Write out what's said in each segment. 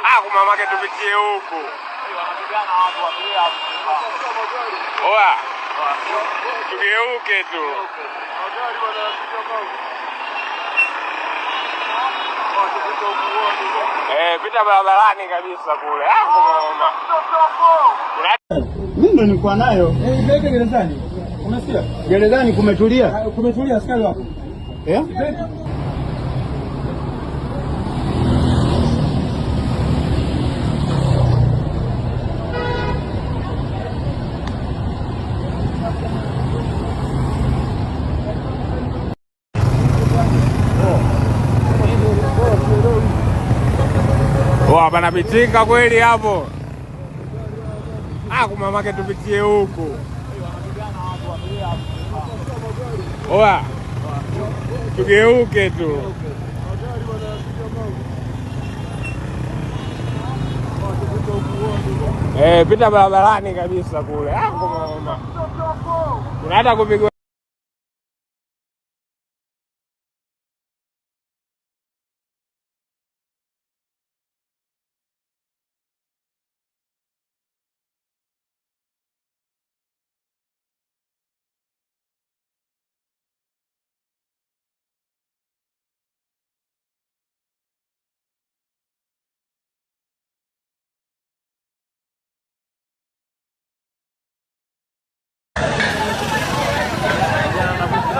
Aku ah, mama yake tupitie huko. Oa. Tugeuke tu. Eh, pita barabarani kabisa kule. Aku ah, mama. Mimi nilikuwa nayo. Eh, ibeke gerezani. Unasikia? Gerezani kumetulia. Kumetulia askari wapo. Eh? Poa, panapitika kweli hapo? Ah, kumamake tupitie huko. Oa, tugeuke tu. Eh, pita barabarani kabisa kule. Ah, kumama. Kuna hata kupigwa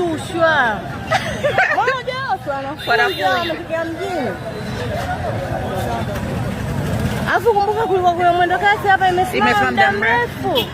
wanashushwa moja kumbuka kulikuwa kuna mwendo kasi hapa imesimama muda mrefu.